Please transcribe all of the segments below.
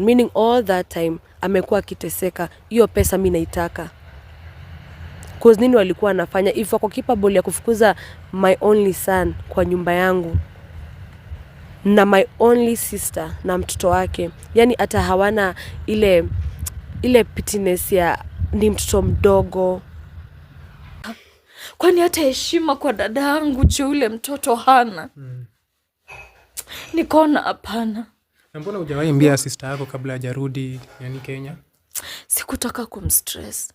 meaning all that time amekuwa akiteseka, hiyo pesa mi naitaka cause nini walikuwa anafanya if wako capable ya kufukuza my only son kwa nyumba yangu na my only sister na mtoto wake, yani hata hawana ile ile pitiness ya ni mtoto mdogo. Kwani hata heshima kwa dada yangu che ule mtoto hana. Hmm. Nikona hapana. Na mbona hujawahi ambia sister yako kabla hajarudi yani Kenya? Sikutaka kumstress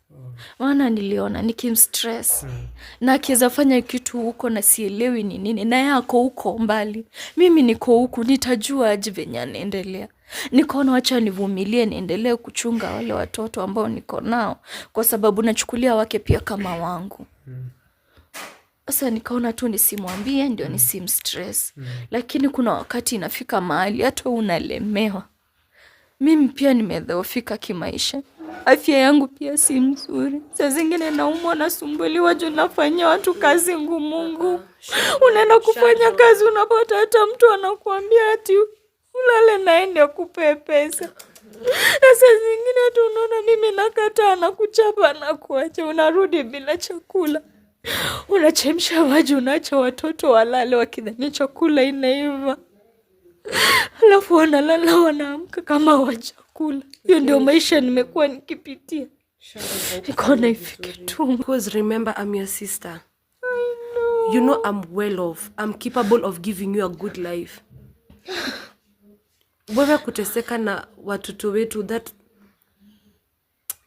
maana oh. Niliona nikimstress mm. na akiweza fanya kitu huko na sielewi ni nini, naye ako huko mbali, mimi niko huku, nitajua aje venye anaendelea. Nikaona wacha nivumilie, niendelee kuchunga wale watoto ambao niko nao, kwa sababu nachukulia wake pia kama wangu mm. Sasa nikaona tu nisimwambie ndio mm. nisimstress mm. Lakini kuna wakati inafika mahali hata unalemewa. Mimi pia nimedhoofika kimaisha, afya yangu pia si mzuri. Saa zingine naumwa, nasumbuliwa juu nafanyia watu kazi ngumungu ah, Unaenda kufanya kazi, unapata hata mtu anakuambia ati ulale naende kupepesa na saa zingine hatu unaona mimi nakataa, nakuchapa na kuacha, unarudi bila chakula. Unachemsha maji, unaacha watoto walale wakidhania chakula inaiva, alafu wanalala wanaamka kama wajakula. Hiyo ndio maisha nimekuwa nikipitia, nikaona ifike tu. Remember, I'm your sister. You know I'm well off. I'm capable of giving you a good life. Wewe kuteseka na watoto wetu that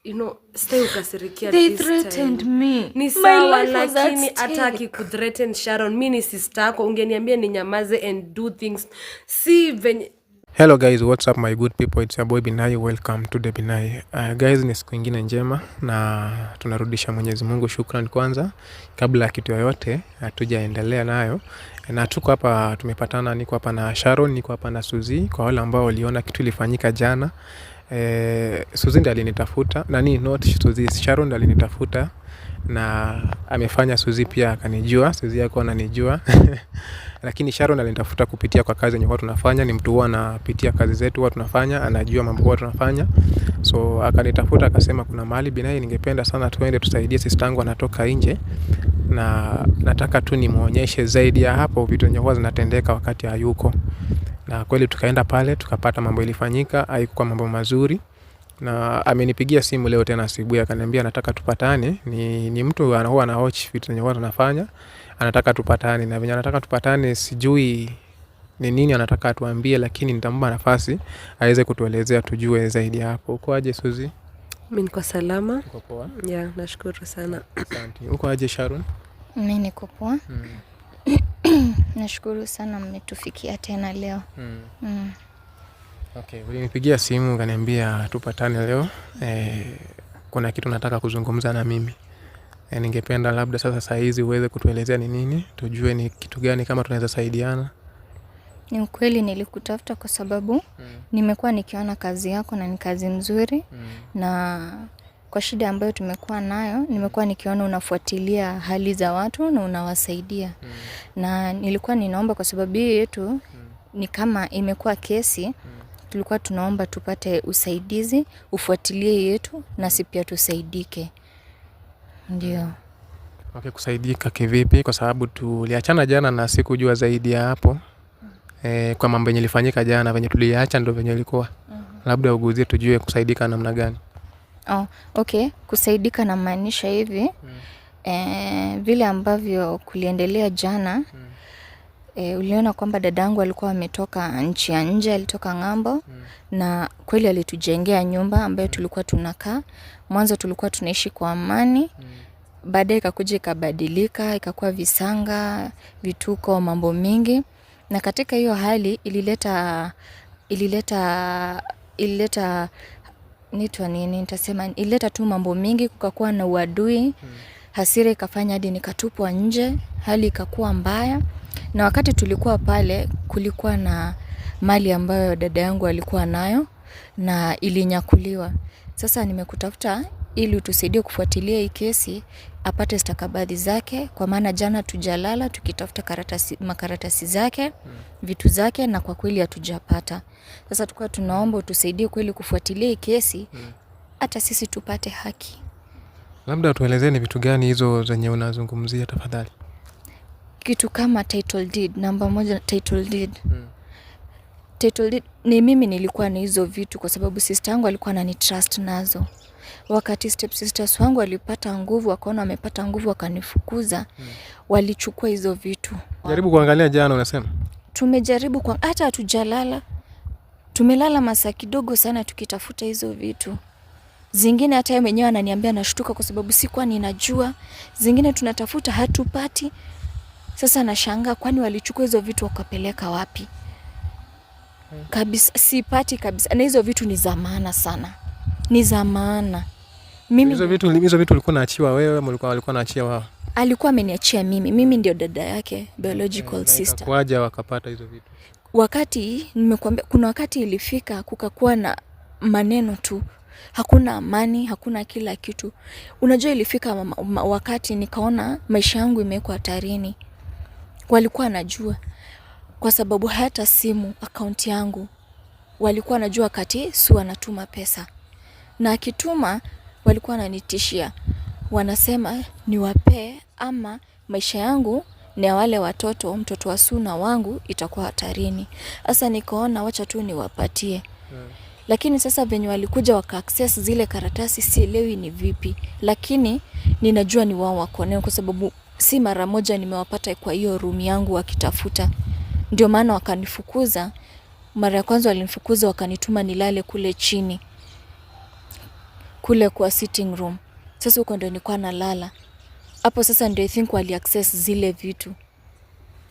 you know, stay ukasirikia They threatened me. Ni sawa lakini hata akikuthreaten Sharon, mi ni sister yako, ungeniambia nyamaze and do things, si venye Hello guys, what's up my good people? It's your boy Binai. Welcome to the Binai. Uh, guys, ni siku ingine njema na tunarudisha Mwenyezi Mungu shukran kwanza kabla ya kitu yoyote hatujaendelea nayo. Na tuko hapa tumepatana, niko hapa na Sharon, niko hapa na Suzy kwa wale ambao waliona kitu ilifanyika jana. Suzi eh, Suzy ndiye alinitafuta nani, not Suzy, Sharon ndiye alinitafuta na amefanya Suzi pia akanijua. Suzi yako ananijua lakini Sharon alinitafuta kupitia kwa kazi yenye huwa tunafanya. Ni mtu huwa anapitia kazi zetu huwa tunafanya, anajua mambo huwa tunafanya, so akanitafuta akasema, kuna mahali Binai, ningependa sana tuende tusaidie, sistangu anatoka nje na nataka tu nimwonyeshe zaidi ya hapo vitu yenye huwa zinatendeka wakati hayuko na kweli tukaenda pale tukapata mambo ilifanyika, aikuwa mambo mazuri na amenipigia simu leo tena asibuhi akaniambia nataka tupatane. Ni, ni mtu anakuwa na watch vitu zenye watu anafanya, anataka tupatane na venye anataka tupatane, sijui ni nini anataka atuambie, lakini nitampa nafasi aweze kutuelezea tujue zaidi hapo. Uko aje Suzi? mi niko salama. Uko Yeah, nashukuru sana. Asante. Uko aje Sharon? mi niko poa. Hmm. Nashukuru sana mmetufikia tena leo mm. Mm. Okay, ulinipigia simu ukaniambia tupatane leo Eh, kuna kitu nataka kuzungumza na mimi Eh, ningependa labda sasa saa hizi uweze kutuelezea ni nini, tujue ni kitu gani, kama tunaweza saidiana. Ni ukweli nilikutafuta kwa sababu mm. nimekuwa nikiona kazi yako na ni kazi nzuri mm. na kwa shida ambayo tumekuwa nayo, nimekuwa nikiona unafuatilia hali za watu na unawasaidia mm. na nilikuwa ninaomba kwa sababu hii yetu mm. ni kama imekuwa kesi mm. tulikuwa tunaomba tupate usaidizi, ufuatilie yetu nasi pia tusaidike, ndio mm. Okay, kusaidika kivipi? Kwa sababu tuliachana jana na sikujua zaidi ya hapo e, kwa mambo yenye ilifanyika jana venye tuliacha ndo venye ilikuwa mm -hmm. Labda uguzie tujue kusaidika namna gani. Oh, okay. Kusaidika namaanisha hivi mm. E, vile ambavyo kuliendelea jana mm. E, uliona kwamba dadangu alikuwa ametoka nchi ya nje, alitoka ng'ambo mm. na kweli alitujengea nyumba ambayo hmm. tulikuwa tunakaa. Mwanzo tulikuwa tunaishi kwa amani mm. Baadaye ikakuja ikabadilika, ikakuwa visanga, vituko, mambo mingi, na katika hiyo hali ilileta ilileta ilileta nitwa nini, nitasema ileta tu mambo mingi, kukakuwa na uadui hmm. Hasira ikafanya hadi nikatupwa nje, hali ikakuwa mbaya. Na wakati tulikuwa pale, kulikuwa na mali ambayo dada yangu alikuwa nayo na ilinyakuliwa. Sasa nimekutafuta ili utusaidie kufuatilia hii kesi apate stakabadhi zake, kwa maana jana tujalala tukitafuta karatasi, makaratasi zake hmm. vitu zake, na kwa kweli hatujapata. Sasa tukuwa tunaomba utusaidie kweli kufuatilia hii kesi hmm. hata hmm. sisi tupate haki. Labda tuelezee ni vitu gani hizo zenye unazungumzia tafadhali. Kitu kama title deed, namba moja title deed hmm. title deed ni mimi nilikuwa na hizo vitu kwa sababu sistangu alikuwa ananitrust nazo Wakati step sisters wangu walipata nguvu, wakaona wamepata nguvu, wakanifukuza mm. Walichukua hizo vitu. Jaribu kuangalia jana, unasema tumejaribu kwa, hata hatujalala, tumelala masaa kidogo sana tukitafuta hizo vitu zingine hata yeye mwenyewe ananiambia nashtuka, kwa sababu sikuwa ninajua. Zingine tunatafuta hatupati. Sasa nashangaa, kwani walichukua hizo vitu wakapeleka wapi? Hmm. Kabisa sipati kabisa, na hizo vitu ni za maana sana ni za maana. Mimi hizo vitu hizo vitu ulikuwa naachiwa wewe mlikuwa ulikuwa alikuwa naachia wao? Alikuwa ameniachia mimi. Mimi ndio dada yake biological yeah, sister. Kwaja wakapata hizo vitu. Wakati nimekuambia kuna wakati ilifika kukakuwa na maneno tu. Hakuna amani, hakuna kila kitu. Unajua ilifika ma, ma, wakati nikaona maisha yangu imewekwa hatarini. Walikuwa najua kwa sababu hata simu akaunti yangu walikuwa najua kati si wanatuma pesa na akituma walikuwa wananitishia, wanasema niwapee ama maisha yangu na wale watoto, mtoto wa Suna wangu itakuwa hatarini. Sasa nikaona wacha tu niwapatie yeah. Lakini sasa venye walikuja waka access zile karatasi, sielewi ni vipi, lakini ninajua ni wao wako nayo, kwa sababu si mara moja nimewapata kwa hiyo room yangu wakitafuta. Ndio maana wakanifukuza. Mara ya kwanza walinifukuza, wakanituma nilale kule chini kule kwa sitting room. Sasa huko ndio nilikuwa nalala hapo, sasa ndio I think wali access zile vitu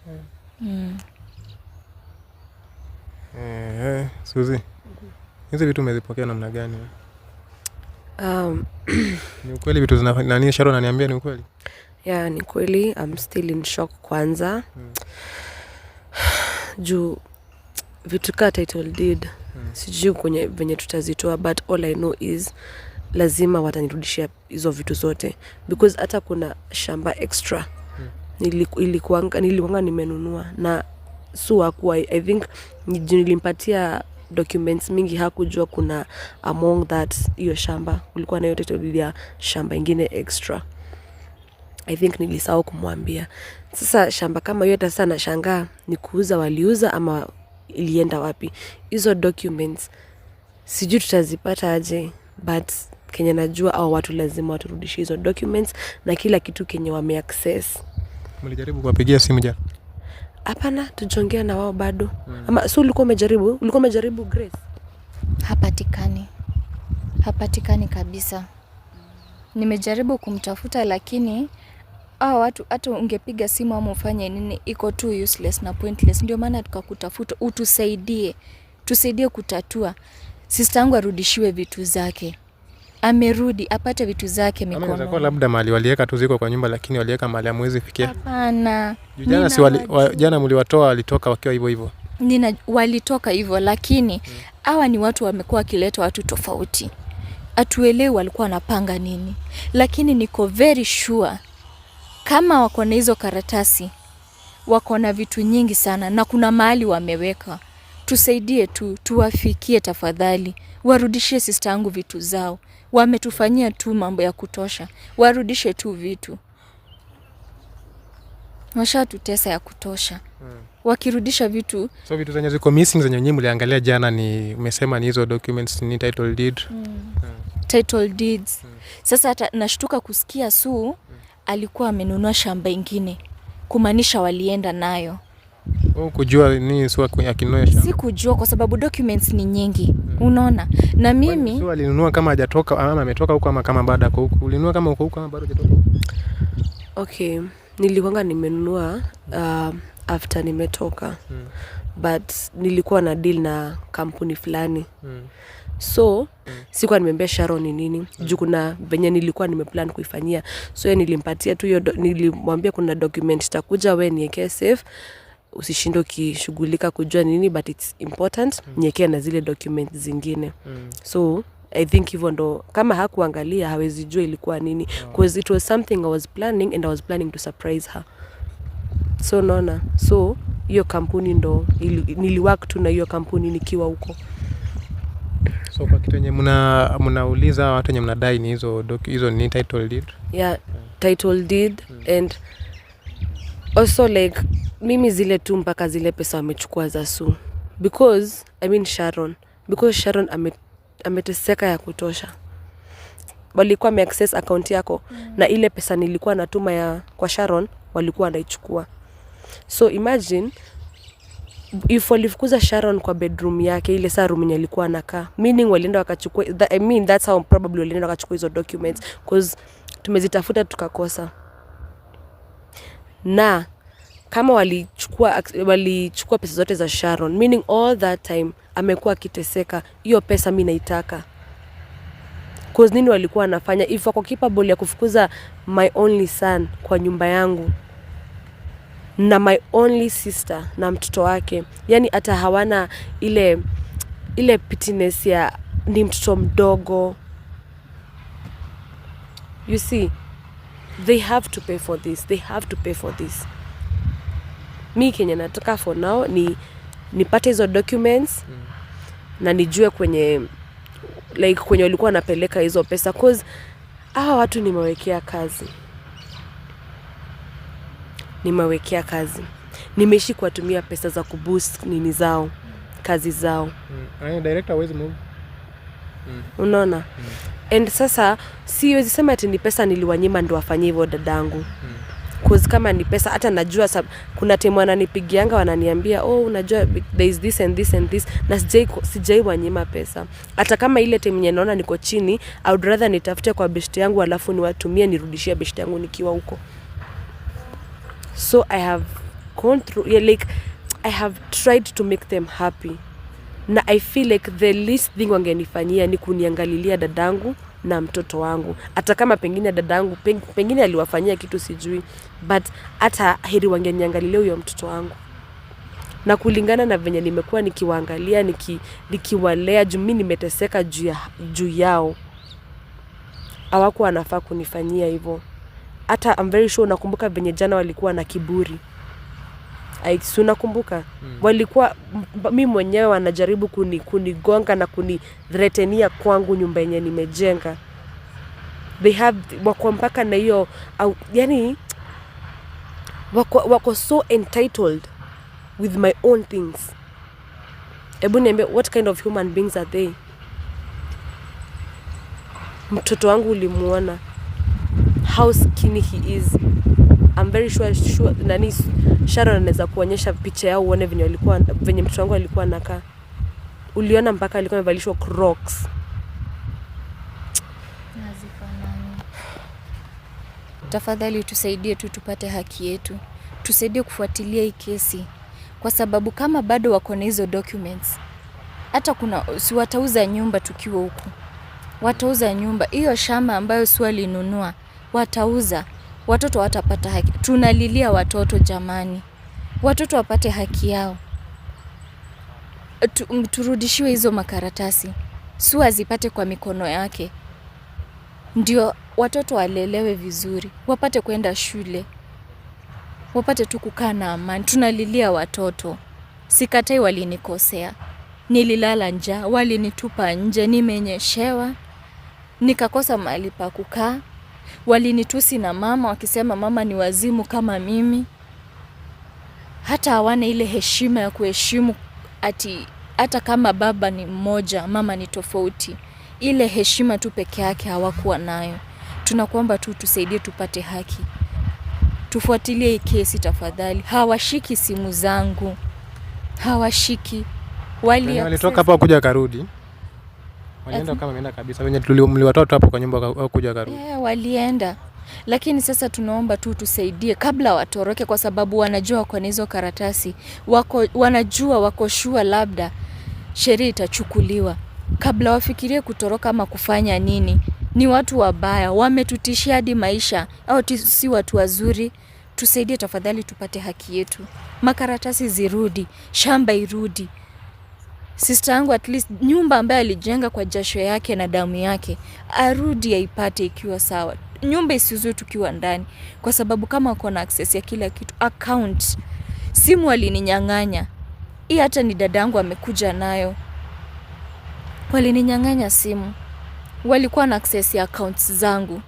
mm. Mm. Eh, eh, Suzi hizi vitu umezipokea namna gani? Um, ni ukweli vitu zina nani? Sharo ananiambia ni ukweli yeah, ni kweli. I'm still in shock kwanza mm. juu vitu ka title deed mm. sijui kwenye venye tutazitoa, but all I know is lazima watanirudishia hizo vitu zote because hata kuna shamba extra hmm. nilikuanga nilikuanga nimenunua na su hakuwa i think nilimpatia documents mingi hakujua kuna among that hiyo shamba kulikuwa na yote tobidi shamba ingine extra i think nilisahau kumwambia sasa shamba kama hiyo hata sasa nashangaa ni kuuza waliuza ama ilienda wapi hizo documents sijui tutazipata aje but kenye najua au watu lazima waturudishe hizo documents na kila kitu kenye wameaccess. Mlijaribu kuwapigia simu jana? Hapana, tujongea na wao bado. Mm. Ama si ulikuwa umejaribu? Ulikuwa umejaribu Grace? Hapatikani, hapatikani kabisa. Nimejaribu kumtafuta lakini Ah, watu hata ungepiga simu ama ufanye nini, iko tu useless na pointless. Ndio maana tukakutafuta utusaidie, tusaidie kutatua, sista yangu arudishiwe vitu zake amerudi apate vitu zake mikono. Labda mali waliweka tu ziko kwa nyumba, lakini waliweka mali amwezi fikia. Hapana, jana si wali, wa, jana mliwatoa walitoka wakiwa hivyo hivyo nina walitoka hivyo, lakini mm. hawa hmm, ni watu wamekuwa wakileta watu tofauti, atuelewe walikuwa wanapanga nini, lakini niko very sure kama wako na hizo karatasi, wako na vitu nyingi sana, na kuna mahali wameweka. Tusaidie tu tuwafikie tafadhali, warudishie sista yangu vitu zao wametufanyia tu mambo ya kutosha, warudishe tu vitu, washatutesa ya kutosha hmm. Wakirudisha vitu, so vitu zenye ziko missing zenye nyinyi mliangalia jana, ni umesema ni hizo documents, ni title deed hmm. Hmm. title deeds hmm. Sasa nashtuka kusikia Suu hmm. alikuwa amenunua shamba ingine, kumaanisha walienda nayo Kujua nini sio akinyesha? Si kujua kwa sababu documents ni nyingi. Hmm. Unaona? Na mimi sio alinunua kama hajatoka ama ametoka huko ama kama baada kwa huko. Ulinunua kama uko huko ama bado hajatoka Okay, nilikwanga nimenunua uh, after nimetoka. Hmm. But nilikuwa na deal na kampuni fulani. Hmm. So mm. sikuwa nimeambia Sharon ni nini mm. juu kuna venye nilikuwa nimeplan kuifanyia, so nilimpatia tu hiyo, nilimwambia kuna document itakuja, we niwekee safe usishindo ukishughulika kujua nini but its important mm. nyekea na zile document zingine mm. so i think hivyo ndo kama hakuangalia hawezi jua ilikuwa nini bcause mm. oh. it was something i was planning and i was planning to surprise her so naona so hiyo kampuni ndo niliwak tu na hiyo kampuni nikiwa huko so kwa kitu enye mnauliza muna watu wenye mnadai ni hizo hizo ni title deed yeah, yeah. Mm. title deed mm. and also like mimi zile tu mpaka zile pesa wamechukua za su because I mean Sharon because Sharon ame, ameteseka ya kutosha walikuwa wameaccess account yako mm. na ile pesa nilikuwa natuma ya kwa Sharon walikuwa wanaichukua so imagine if walifukuza Sharon kwa bedroom yake ile saa rumenye alikuwa anakaa meaning walienda wakachukua that, I mean that's how probably walienda wakachukua hizo documents cause tumezitafuta tukakosa na kama walichukua, walichukua pesa zote za Sharon, meaning all that time amekuwa akiteseka, hiyo pesa mi naitaka. Cause nini walikuwa wanafanya? If wako capable ya kufukuza my only son kwa nyumba yangu na my only sister na mtoto wake, yani hata hawana ile ile pitiness ya ni mtoto mdogo, you see they have to pay for this, they have to pay for this. Mi kenye nataka for now ni nipate hizo documents mm. na nijue kwenye like kwenye walikuwa wanapeleka hizo pesa cause hawa watu nimewekea kazi, nimewekea kazi, nimeishi kuwatumia pesa za kuboost nini zao kazi zao mm. director, mm. unaona mm. and sasa siwezi sema ati ni pesa niliwanyima ndo afanye hivyo dadangu mm cause kama ni pesa hata najua sab, kuna timu ananipigianga wananiambia oh unajua there is this and this and this na sijai wanyima pesa hata kama ile timu nye naona niko chini i rather nitafute kwa best yangu alafu niwatumie nirudishie best yangu nikiwa huko so i have gone through yeah, like i have tried to make them happy na I feel like the least thing wangenifanyia ni kuniangalilia dadangu na mtoto wangu, hata kama pengine dadangu pengine aliwafanyia kitu sijui, but hata heri wangeniangalilia huyo mtoto wangu na kulingana na venye nimekuwa nikiwaangalia niki, nikiwalea juu mi nimeteseka juu ya, juu yao hawakuwa wanafaa kunifanyia hivyo. Hata I'm very sure, nakumbuka venye jana walikuwa na kiburi Aikisu nakumbuka mm. walikuwa mi mwenyewe wanajaribu kuni, kunigonga na kunithretenia kwangu nyumba yenye nimejenga they have wako mpaka na hiyo yani wako, wako so entitled with my own things hebu niambia what kind of human beings are they mtoto wangu ulimwona how skinny he is very sure, sure nani Sharon anaweza kuonyesha picha yao uone venye walikuwa venye mtoto wangu alikuwa anakaa. Uliona mpaka alikuwa amevalishwa Crocs. Tafadhali tusaidie tu tupate haki yetu, tusaidie kufuatilia hii kesi, kwa sababu kama bado wako na hizo documents, hata kuna si watauza nyumba tukiwa huku, watauza nyumba hiyo, shamba ambayo si walinunua watauza watoto watapata haki. Tunalilia watoto jamani, watoto wapate haki yao, turudishiwe hizo makaratasi, sua zipate kwa mikono yake, ndio watoto walelewe vizuri, wapate kwenda shule, wapate tu kukaa na amani. Tunalilia watoto. Sikatai, walinikosea, nililala njaa, walinitupa nje, nimenyeshewa, nikakosa mahali pa kukaa. Walinitusi na mama wakisema mama ni wazimu kama mimi. Hata hawana ile heshima ya kuheshimu ati hata kama baba ni mmoja, mama ni tofauti. Ile heshima tu peke yake hawakuwa nayo. Tunakuomba tu tusaidie tupate haki. Tufuatilie hii kesi tafadhali. Hawashiki simu zangu, hawashiki. Walitoka yaani hapa kuja karudi Walienda kama wameenda kabisa, wenye mliwatoto hapo kwa nyumba kuja karudi. Yeah, walienda lakini sasa tunaomba tu tusaidie kabla watoroke, kwa sababu wanajua kwa hizo karatasi wako, wanajua wako shua labda sheria itachukuliwa kabla wafikirie kutoroka ama kufanya nini. Ni watu wabaya, wametutishia hadi maisha, au si watu wazuri. Tusaidie tafadhali, tupate haki yetu, makaratasi zirudi, shamba irudi sister yangu at least nyumba ambayo alijenga kwa jasho yake na damu yake arudi aipate ikiwa sawa nyumba isizue tukiwa ndani kwa sababu kama uko na access ya kila kitu account simu alininyang'anya hii hata ni dada yangu amekuja nayo walininyang'anya simu walikuwa na access ya accounts zangu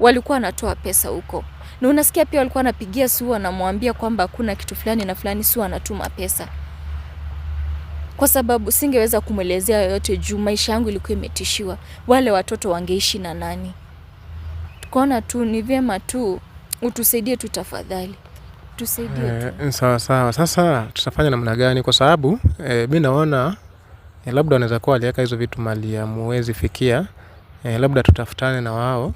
walikuwa wanatoa pesa huko na unasikia pia walikuwa wanapigia Suu anamwambia kwamba hakuna kitu fulani na fulani Suu anatuma pesa kwa sababu singeweza kumwelezea yoyote juu maisha yangu ilikuwa imetishiwa. Wale watoto wangeishi na nani? Tukaona tu ni vyema tu utusaidie tu tafadhali, tusaidie tu. Eh, sawa sawa. Sasa tutafanya namna gani? Kwa sababu eh, mi naona eh, labda wanaweza kuwa aliweka hizo vitu mali muwezi fikia. Eh, labda tutafutane na wao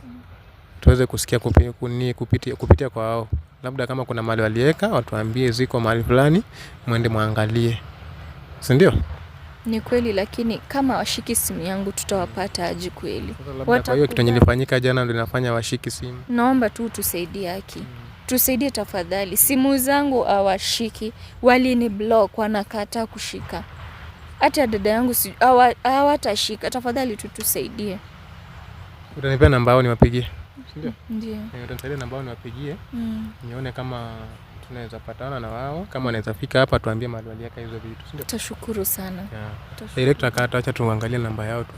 tuweze kusikia kupi, kuni, kupitia, kupitia kwa wao, labda kama kuna mali waliweka watuambie ziko mali fulani, mwende mwangalie sindio? Ni kweli, lakini kama washiki simu yangu tutawapata aji kweli? Kwa hiyo kitu nilifanyika jana ndio nafanya washiki simu. Naomba tu tusaidie haki hmm. Tusaidie tafadhali, simu zangu hawashiki, walini block, wanakataa kushika. Hata dada yangu si, hawatashika awa, tafadhali tu tusaidie. Utanipea namba yao niwapigie, ndio? Ndio, eh, utanisaidia namba yao niwapigie, mm. nione kama tunaweza patana na wao, kama wanaweza fika hapa tuambie mahali waliweka hizo vitu. Tutashukuru sana. Yeah. Ile tutakaa, tuacha tuangalie namba yao tu.